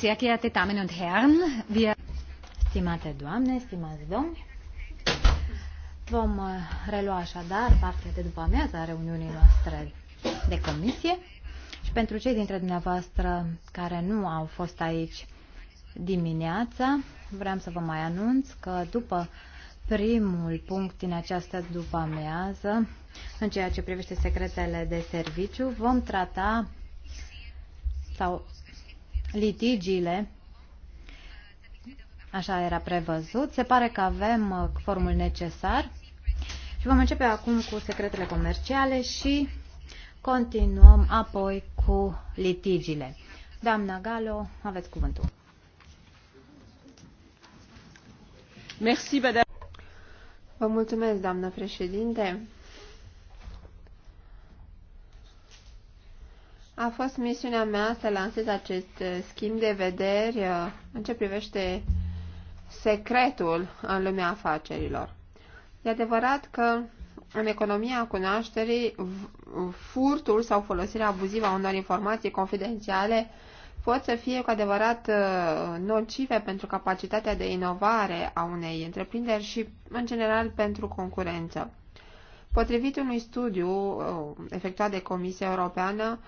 Sehr geehrte Damen und Herren, wir Stimate doamne, stimați domni, vom uh, relua așadar partea de după amiază a reuniunii noastre de comisie și pentru cei dintre dumneavoastră care nu au fost aici dimineața, vreau să vă mai anunț că după primul punct din această după amiază, în ceea ce privește secretele de serviciu, vom trata sau litigiile, așa era prevăzut. Se pare că avem uh, formul necesar și vom începe acum cu secretele comerciale și continuăm apoi cu litigiile. Doamna Galo, aveți cuvântul. Merci, Vă mulțumesc, doamnă președinte. A fost misiunea mea să lansez acest uh, schimb de vederi uh, în ce privește secretul în lumea afacerilor. E adevărat că în economia cunoașterii, furtul sau folosirea abuzivă a unor informații confidențiale pot să fie cu adevărat uh, nocive pentru capacitatea de inovare a unei întreprinderi și, în general, pentru concurență. Potrivit unui studiu efectuat de Comisia Europeană,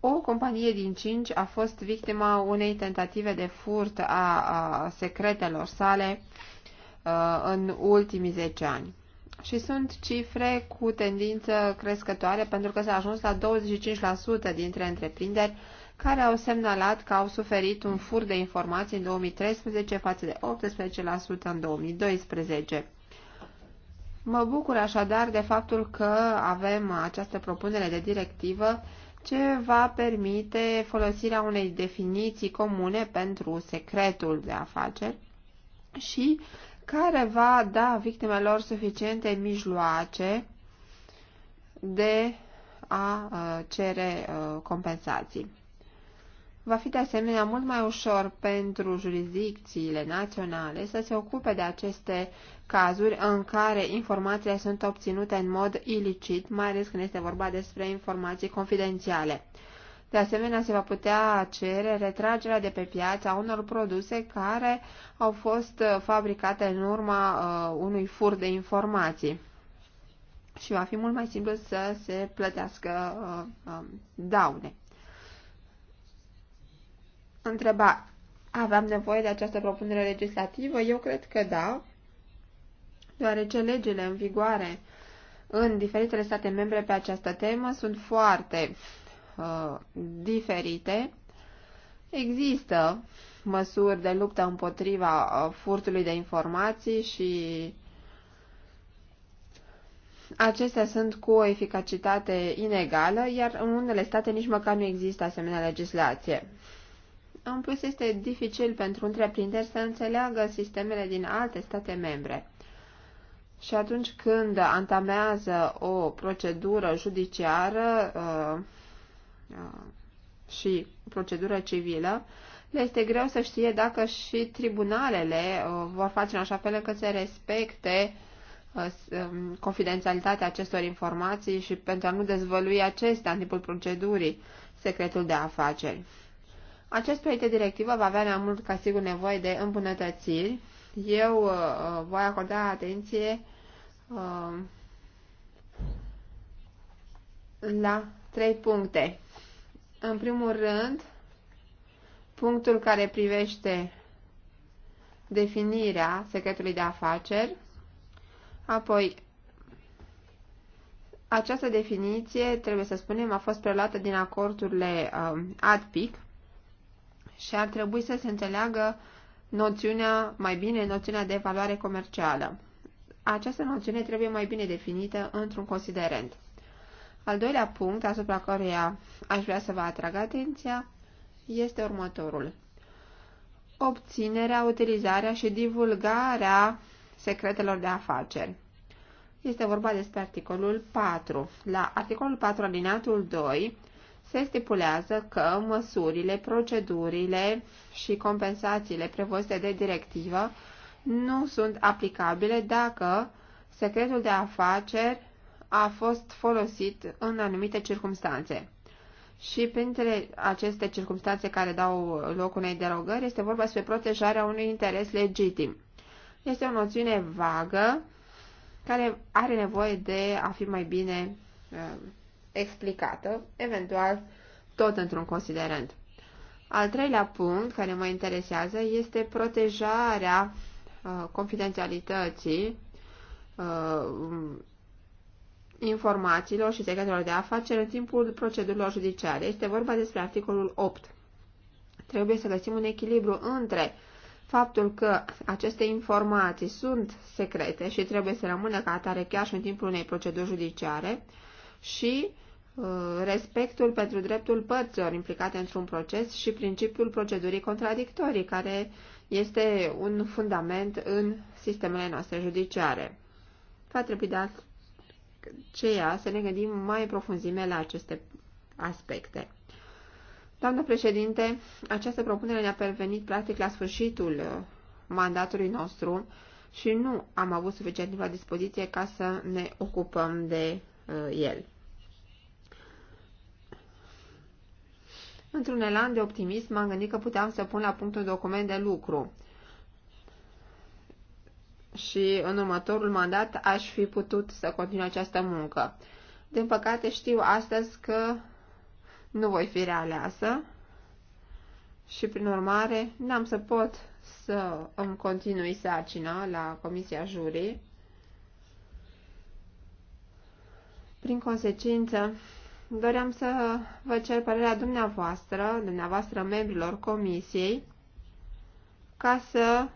o companie din cinci a fost victima unei tentative de furt a, a secretelor sale a, uh, în ultimii 10 ani. Și sunt cifre cu tendință crescătoare pentru că s-a ajuns la 25% dintre întreprinderi care au semnalat că au suferit un fur de informații în 2013 față de 18% în 2012. Mă bucur așadar de faptul că avem această propunere de directivă ce va permite folosirea unei definiții comune pentru secretul de afaceri și care va da victimelor suficiente mijloace de a uh, cere uh, compensații. Va fi de asemenea mult mai ușor pentru jurisdicțiile naționale să se ocupe de aceste cazuri în care informațiile sunt obținute în mod ilicit, mai ales când este vorba despre informații confidențiale. De asemenea, se va putea cere retragerea de pe piață a unor produse care au fost uh, fabricate în urma uh, unui fur de informații. Și va fi mult mai simplu să se plătească uh, uh, daune întreba, aveam nevoie de această propunere legislativă? Eu cred că da, deoarece legile în vigoare în diferitele state membre pe această temă sunt foarte uh, diferite. Există măsuri de luptă împotriva uh, furtului de informații și acestea sunt cu o eficacitate inegală, iar în unele state nici măcar nu există asemenea legislație. În plus, este dificil pentru întreprinderi să înțeleagă sistemele din alte state membre. Și atunci când antamează o procedură judiciară uh, uh, și procedură civilă, le este greu să știe dacă și tribunalele uh, vor face în așa fel încât să respecte uh, um, confidențialitatea acestor informații și pentru a nu dezvălui acestea în timpul procedurii secretul de afaceri. Acest proiect de directivă va avea mai mult ca sigur nevoie de îmbunătățiri. Eu uh, uh, voi acorda atenție uh, la trei puncte. În primul rând, punctul care privește definirea secretului de afaceri, apoi această definiție, trebuie să spunem, a fost preluată din acordurile uh, ADPIC și ar trebui să se înțeleagă noțiunea, mai bine noțiunea de valoare comercială. Această noțiune trebuie mai bine definită într-un considerent. Al doilea punct asupra căruia aș vrea să vă atrag atenția este următorul. Obținerea, utilizarea și divulgarea secretelor de afaceri. Este vorba despre articolul 4. La articolul 4, alineatul 2, se stipulează că măsurile, procedurile și compensațiile prevăzute de directivă nu sunt aplicabile dacă secretul de afaceri a fost folosit în anumite circunstanțe. Și printre aceste circunstanțe care dau loc unei derogări este vorba despre protejarea unui interes legitim. Este o noțiune vagă care are nevoie de a fi mai bine uh, explicată, eventual tot într-un considerent. Al treilea punct care mă interesează este protejarea uh, confidențialității uh, informațiilor și secretelor de afaceri în timpul procedurilor judiciare. Este vorba despre articolul 8. Trebuie să găsim un echilibru între faptul că aceste informații sunt secrete și trebuie să rămână ca atare chiar și în timpul unei proceduri judiciare și uh, Uh, respectul pentru dreptul părților implicate într-un proces și principiul procedurii contradictorii, care este un fundament în sistemele noastre judiciare. Va trebui de aceea să ne gândim mai în profunzime la aceste aspecte. Doamnă președinte, această propunere ne-a pervenit practic la sfârșitul uh, mandatului nostru și nu am avut suficient timp la dispoziție ca să ne ocupăm de uh, el. Într-un elan de optimism, m-am gândit că puteam să pun la punct un document de lucru. Și în următorul mandat aș fi putut să continui această muncă. Din păcate știu astăzi că nu voi fi realeasă și, prin urmare, n-am să pot să îmi continui sarcina la Comisia Jurii. Prin consecință, doream să vă cer părerea dumneavoastră, dumneavoastră membrilor comisiei, ca să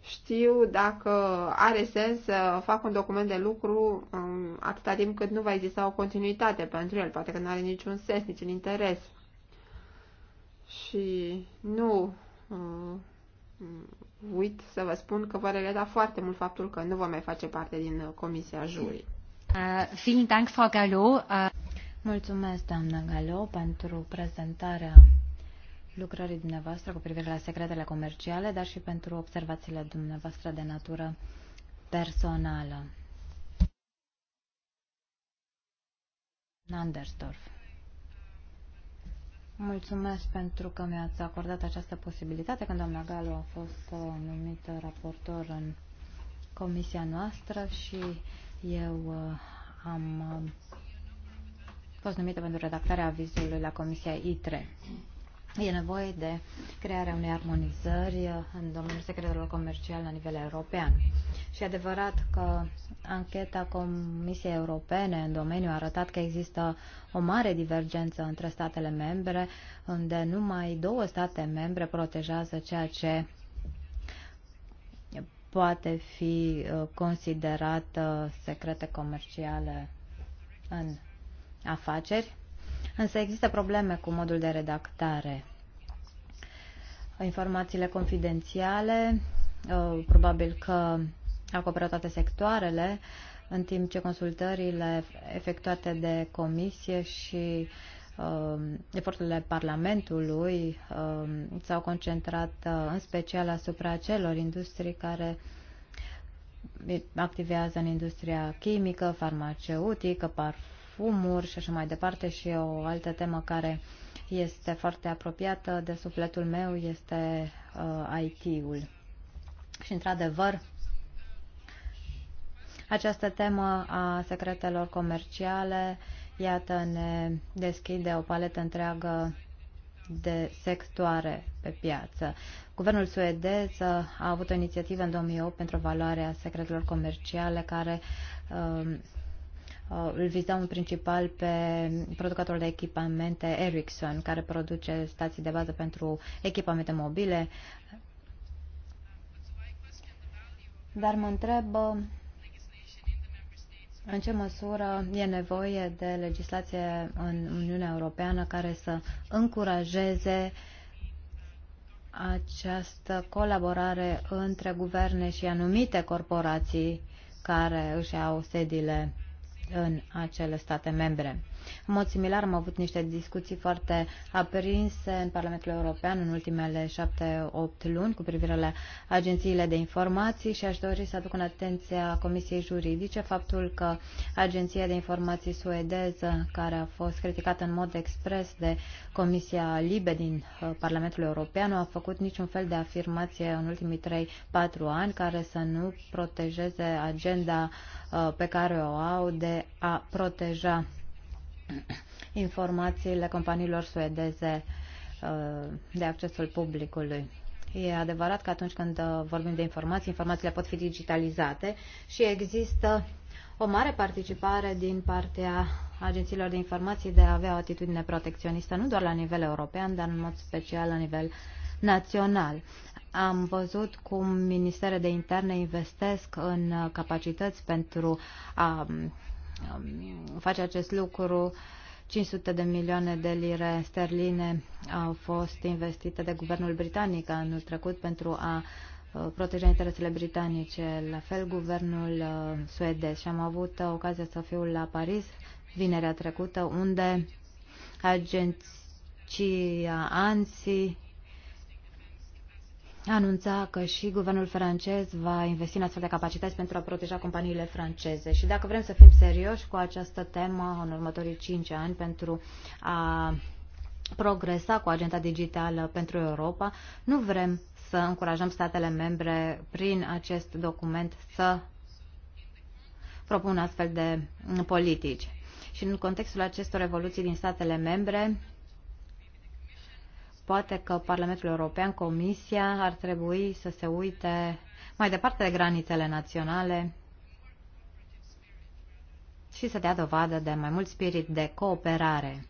știu dacă are sens să fac un document de lucru um, atâta timp cât nu va exista o continuitate pentru el. Poate că nu are niciun sens, niciun interes. Și nu uh, uit să vă spun că vă regreta foarte mult faptul că nu vă mai face parte din uh, comisia jurii. Uh, vielen Dank, Frau Gallo. Uh, mulțumesc, doamnă Galo, pentru prezentarea lucrării dumneavoastră cu privire la secretele comerciale, dar și pentru observațiile dumneavoastră de natură personală. Nandersdorf. Mulțumesc pentru că mi-ați acordat această posibilitate când doamna Galo a fost uh, numită raportor în comisia noastră și eu uh, am um, fost numită pentru redactarea avizului la Comisia ITRE. E nevoie de crearea unei armonizări uh, în domeniul secretelor comerciale la nivel european. Și adevărat că ancheta Comisiei Europene în domeniu a arătat că există o mare divergență între statele membre, unde numai două state membre protejează ceea ce poate fi uh, considerată secrete comerciale în afaceri, însă există probleme cu modul de redactare. Informațiile confidențiale, uh, probabil că acoperă toate sectoarele, în timp ce consultările efectuate de comisie și uh, Um, eforturile Parlamentului um, s-au concentrat uh, în special asupra celor industrii care activează în industria chimică, farmaceutică, parfumuri și așa mai departe și o altă temă care este foarte apropiată de sufletul meu este uh, IT-ul. Și într-adevăr, această temă a secretelor comerciale uh, iată, ne deschide o paletă întreagă de sectoare pe piață. Guvernul suedez uh, a avut o inițiativă în 2008 pentru valoarea secretelor comerciale care um, uh, îl vizau în principal pe producătorul de echipamente Ericsson, care produce stații de bază pentru echipamente mobile. Dar mă întreb uh, în ce măsură e nevoie de legislație în Uniunea Europeană care să încurajeze această colaborare între guverne și anumite corporații care își au sediile în acele state membre? În mod similar am avut niște discuții foarte aprinse în Parlamentul European în ultimele șapte-opt luni cu privire la agențiile de informații și aș dori să aduc în atenția Comisiei Juridice faptul că agenția de informații suedeză, care a fost criticată în mod expres de Comisia Libe din uh, Parlamentul European, nu a făcut niciun fel de afirmație în ultimii 3-4 ani care să nu protejeze agenda uh, pe care o au de a proteja informațiile companiilor suedeze uh, de accesul publicului. E adevărat că atunci când uh, vorbim de informații, informațiile pot fi digitalizate și există o mare participare din partea agențiilor de informații de a avea o atitudine protecționistă, nu doar la nivel european, dar în mod special la nivel național. Am văzut cum ministerele de interne investesc în uh, capacități pentru a Um, face acest lucru. 500 de milioane de lire sterline au fost investite de guvernul britanic anul trecut pentru a uh, proteja interesele britanice. La fel, guvernul uh, suedez. Și am avut ocazia să fiu la Paris vinerea trecută, unde agenția ANSI anunța că și guvernul francez va investi în astfel de capacități pentru a proteja companiile franceze. Și dacă vrem să fim serioși cu această temă în următorii 5 ani pentru a progresa cu agenda digitală pentru Europa, nu vrem să încurajăm statele membre prin acest document să propună astfel de politici. Și în contextul acestor evoluții din statele membre, Poate că Parlamentul European, Comisia, ar trebui să se uite mai departe de granițele naționale și să dea dovadă de mai mult spirit de cooperare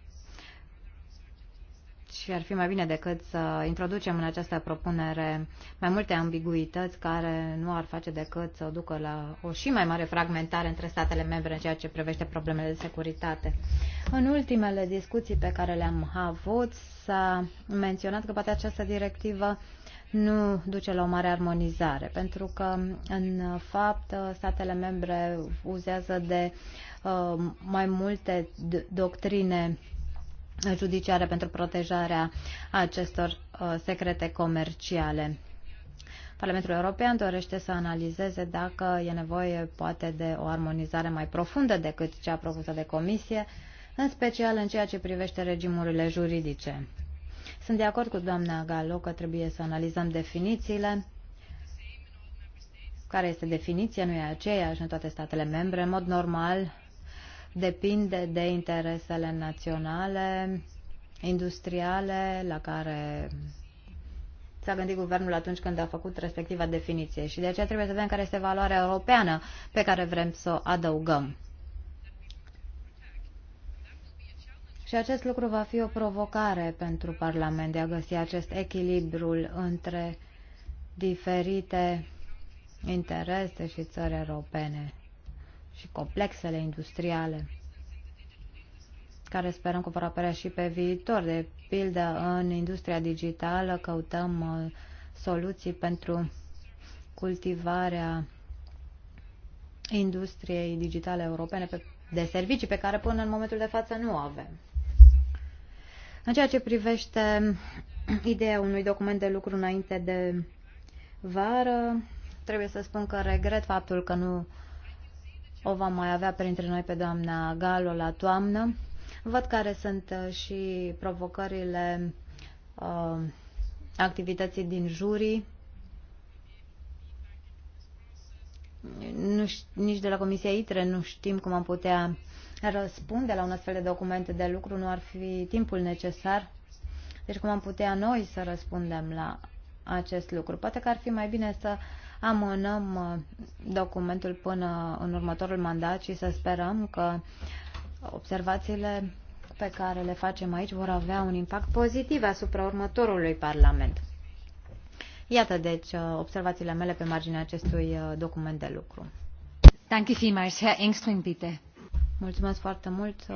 și ar fi mai bine decât să introducem în această propunere mai multe ambiguități care nu ar face decât să ducă la o și mai mare fragmentare între statele membre în ceea ce privește problemele de securitate. În ultimele discuții pe care le-am avut s-a menționat că poate această directivă nu duce la o mare armonizare, pentru că, în fapt, statele membre uzează de uh, mai multe doctrine judiciare pentru protejarea acestor uh, secrete comerciale. Parlamentul European dorește să analizeze dacă e nevoie poate de o armonizare mai profundă decât cea propusă de comisie, în special în ceea ce privește regimurile juridice. Sunt de acord cu doamna Galo că trebuie să analizăm definițiile. Care este definiția? Nu e aceeași în toate statele membre. În mod normal, depinde de interesele naționale, industriale, la care s-a gândit guvernul atunci când a făcut respectiva definiție și de aceea trebuie să vedem care este valoarea europeană pe care vrem să o adăugăm. Și acest lucru va fi o provocare pentru Parlament de a găsi acest echilibru între diferite interese și țări europene și complexele industriale, care sperăm că vor apărea și pe viitor. De pildă, în industria digitală căutăm uh, soluții pentru cultivarea industriei digitale europene de servicii pe care până în momentul de față nu avem. În ceea ce privește ideea unui document de lucru înainte de vară, trebuie să spun că regret faptul că nu o va mai avea printre noi pe doamna Galo la toamnă. Văd care sunt uh, și provocările uh, activității din jurii. Nu, nici de la Comisia ITRE nu știm cum am putea răspunde la un astfel de document de lucru, nu ar fi timpul necesar. Deci cum am putea noi să răspundem la acest lucru. Poate că ar fi mai bine să amânăm uh, documentul până în următorul mandat și să sperăm că observațiile pe care le facem aici vor avea un impact pozitiv asupra următorului Parlament. Iată, deci, uh, observațiile mele pe marginea acestui uh, document de lucru. Danke vielmals, Herr Engström, bitte. Mulțumesc foarte mult,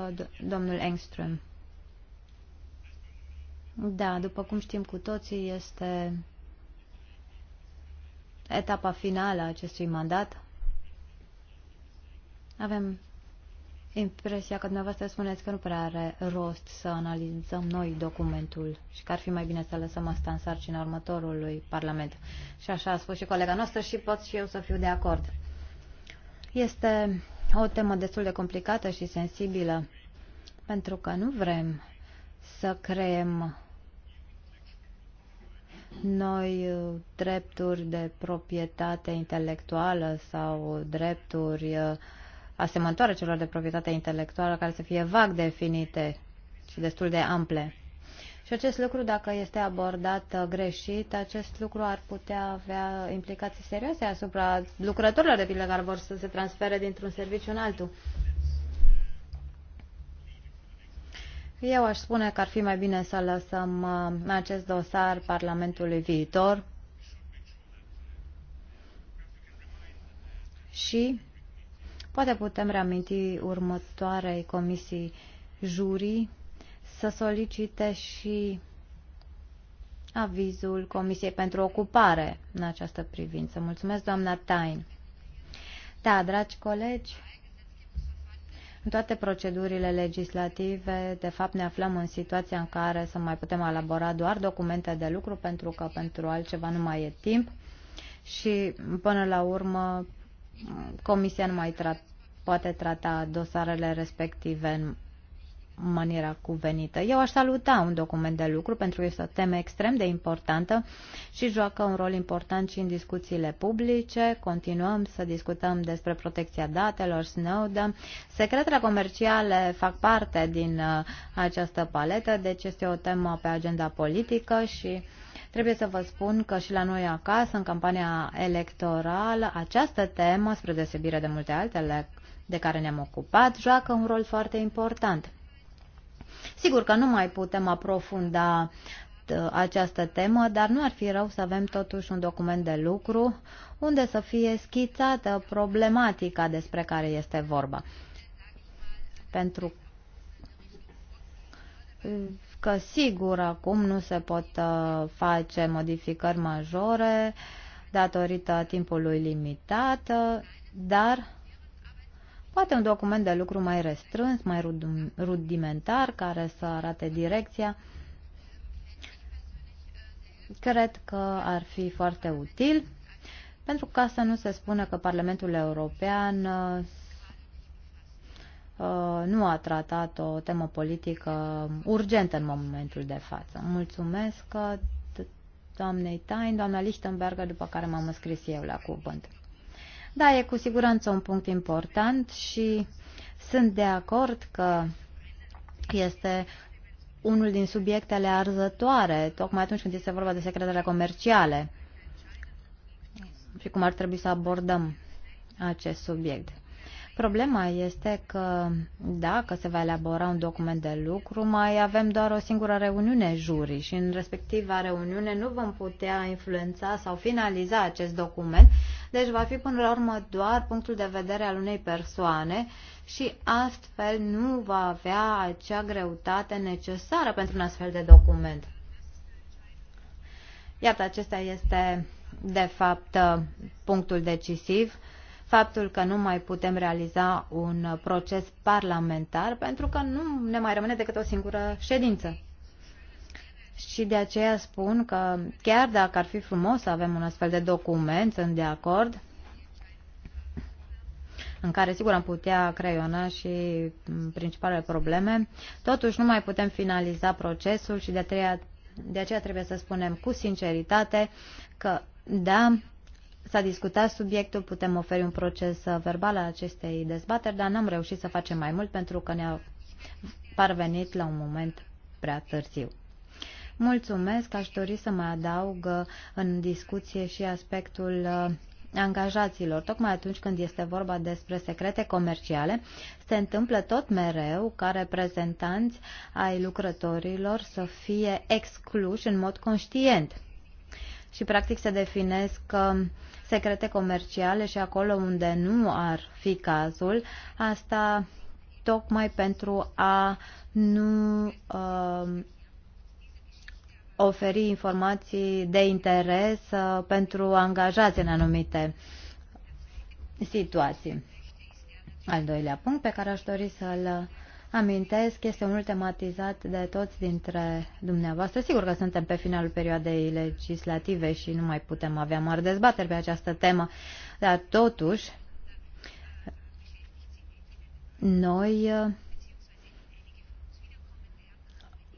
domnul Engström. Da, după cum știm cu toții, este etapa finală a acestui mandat. Avem impresia că dumneavoastră spuneți că nu prea are rost să analizăm noi documentul și că ar fi mai bine să lăsăm asta în sarcina următorului Parlament. Și așa a spus și colega noastră și pot și eu să fiu de acord. Este o temă destul de complicată și sensibilă pentru că nu vrem să creăm noi uh, drepturi de proprietate intelectuală sau drepturi uh, asemănătoare celor de proprietate intelectuală care să fie vag definite și destul de ample. Și acest lucru, dacă este abordat uh, greșit, acest lucru ar putea avea implicații serioase asupra lucrătorilor de pildă care vor să se transfere dintr-un serviciu în altul. Eu aș spune că ar fi mai bine să lăsăm uh, acest dosar Parlamentului viitor și poate putem reaminti următoarei comisii jurii să solicite și avizul Comisiei pentru Ocupare în această privință. Mulțumesc, doamna Tain. Da, dragi colegi, în toate procedurile legislative, de fapt, ne aflăm în situația în care să mai putem elabora doar documente de lucru, pentru că pentru altceva nu mai e timp și, până la urmă, Comisia nu mai tra- poate trata dosarele respective în maniera cuvenită. Eu aș saluta un document de lucru pentru că este o temă extrem de importantă și joacă un rol important și în discuțiile publice. Continuăm să discutăm despre protecția datelor, Snowden. Secretele comerciale fac parte din uh, această paletă, deci este o temă pe agenda politică și Trebuie să vă spun că și la noi acasă, în campania electorală, această temă, spre deosebire de multe altele de care ne-am ocupat, joacă un rol foarte important. Sigur că nu mai putem aprofunda ă, această temă, dar nu ar fi rău să avem totuși un document de lucru unde să fie schițată problematica despre care este vorba. Pentru că sigur acum nu se pot ă, face modificări majore datorită timpului limitat, ă, dar Poate un document de lucru mai restrâns, mai rudimentar, care să arate direcția. Cred că ar fi foarte util, pentru ca să nu se spună că Parlamentul European uh, nu a tratat o temă politică urgentă în momentul de față. Mulțumesc doamnei Tain, doamna Lichtenberger, după care m-am înscris eu la cuvânt. Da, e cu siguranță un punct important și sunt de acord că este unul din subiectele arzătoare, tocmai atunci când este vorba de secretele comerciale și cum ar trebui să abordăm acest subiect. Problema este că dacă se va elabora un document de lucru, mai avem doar o singură reuniune jurii și în respectiva reuniune nu vom putea influența sau finaliza acest document deci va fi până la urmă doar punctul de vedere al unei persoane și astfel nu va avea acea greutate necesară pentru un astfel de document. Iată, acesta este de fapt punctul decisiv faptul că nu mai putem realiza un proces parlamentar pentru că nu ne mai rămâne decât o singură ședință. Și de aceea spun că chiar dacă ar fi frumos să avem un astfel de document, sunt de acord, în care sigur am putea creiona și principalele probleme, totuși nu mai putem finaliza procesul și de, treia, de aceea trebuie să spunem cu sinceritate că da, S-a discutat subiectul, putem oferi un proces verbal al acestei dezbateri, dar n-am reușit să facem mai mult pentru că ne-a parvenit la un moment prea târziu. Mulțumesc, aș dori să mai adaug uh, în discuție și aspectul uh, angajaților. Tocmai atunci când este vorba despre secrete comerciale, se întâmplă tot mereu ca reprezentanți ai lucrătorilor să fie excluși în mod conștient. Și practic se definesc um, secrete comerciale și acolo unde nu ar fi cazul, asta tocmai pentru a nu uh, oferi informații de interes uh, pentru angajați în anumite situații. Al doilea punct pe care aș dori să-l amintesc este unul tematizat de toți dintre dumneavoastră. Sigur că suntem pe finalul perioadei legislative și nu mai putem avea mari dezbateri pe această temă, dar totuși noi uh,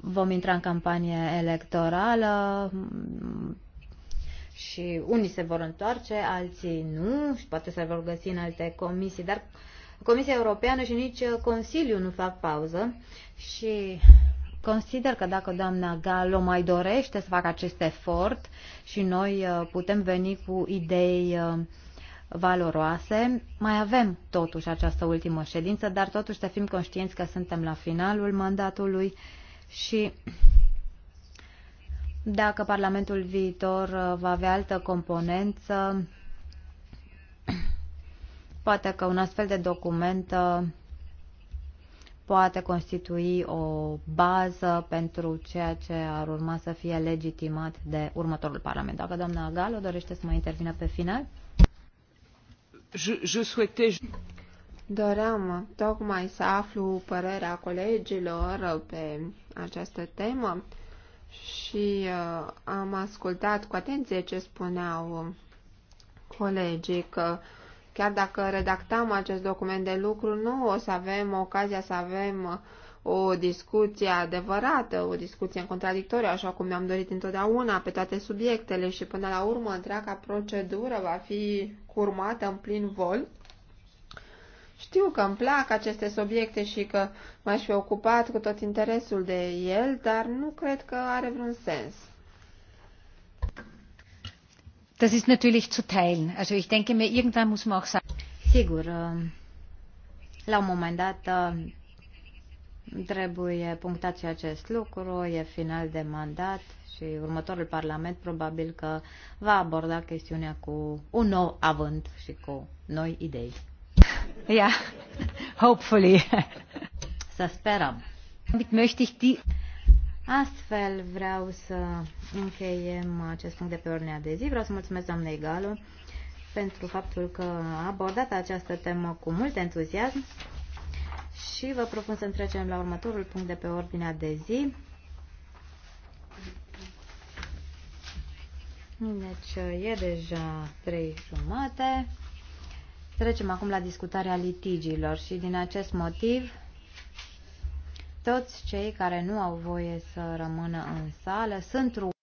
vom intra în campanie electorală și unii se vor întoarce, alții nu și poate se vor găsi în alte comisii, dar Comisia Europeană și nici Consiliul nu fac pauză și consider că dacă doamna Galo mai dorește să facă acest efort și noi uh, putem veni cu idei uh, valoroase. Mai avem totuși această ultimă ședință, dar totuși să fim conștienți că suntem la finalul mandatului și dacă Parlamentul viitor uh, va avea altă componență, poate că un astfel de document uh, poate constitui o bază pentru ceea ce ar urma să fie legitimat de următorul Parlament. Dacă doamna Galo dorește să mai intervină pe final? Je, je souhaitais... Doream tocmai să aflu părerea colegilor pe această temă și uh, am ascultat cu atenție ce spuneau colegii că chiar dacă redactam acest document de lucru, nu o să avem ocazia să avem o discuție adevărată, o discuție în contradictoriu, așa cum mi-am dorit întotdeauna pe toate subiectele și până la urmă întreaga procedură va fi curmată în plin vol. Știu că îmi plac aceste subiecte și că m-aș fi ocupat cu tot interesul de el, dar nu cred că are vreun sens. Das ist natürlich zu teilen. Also ich denke mir, irgendwann muss man auch sagen. Sigur, eh, la un moment dat eh, trebuie punctat și acest lucru, e final de mandat și următorul Parlament probabil că va aborda chestiunea cu un nou avânt și cu noi idei. Yeah, hopefully. Să sperăm. Möchte ich die... Astfel vreau să încheiem acest punct de pe ordinea de zi. Vreau să mulțumesc doamnei Galu pentru faptul că a abordat această temă cu mult entuziasm și vă propun să trecem la următorul punct de pe ordinea de zi. Deci e deja trei jumate. Trecem acum la discutarea litigiilor și din acest motiv toți cei care nu au voie să rămână în sală sunt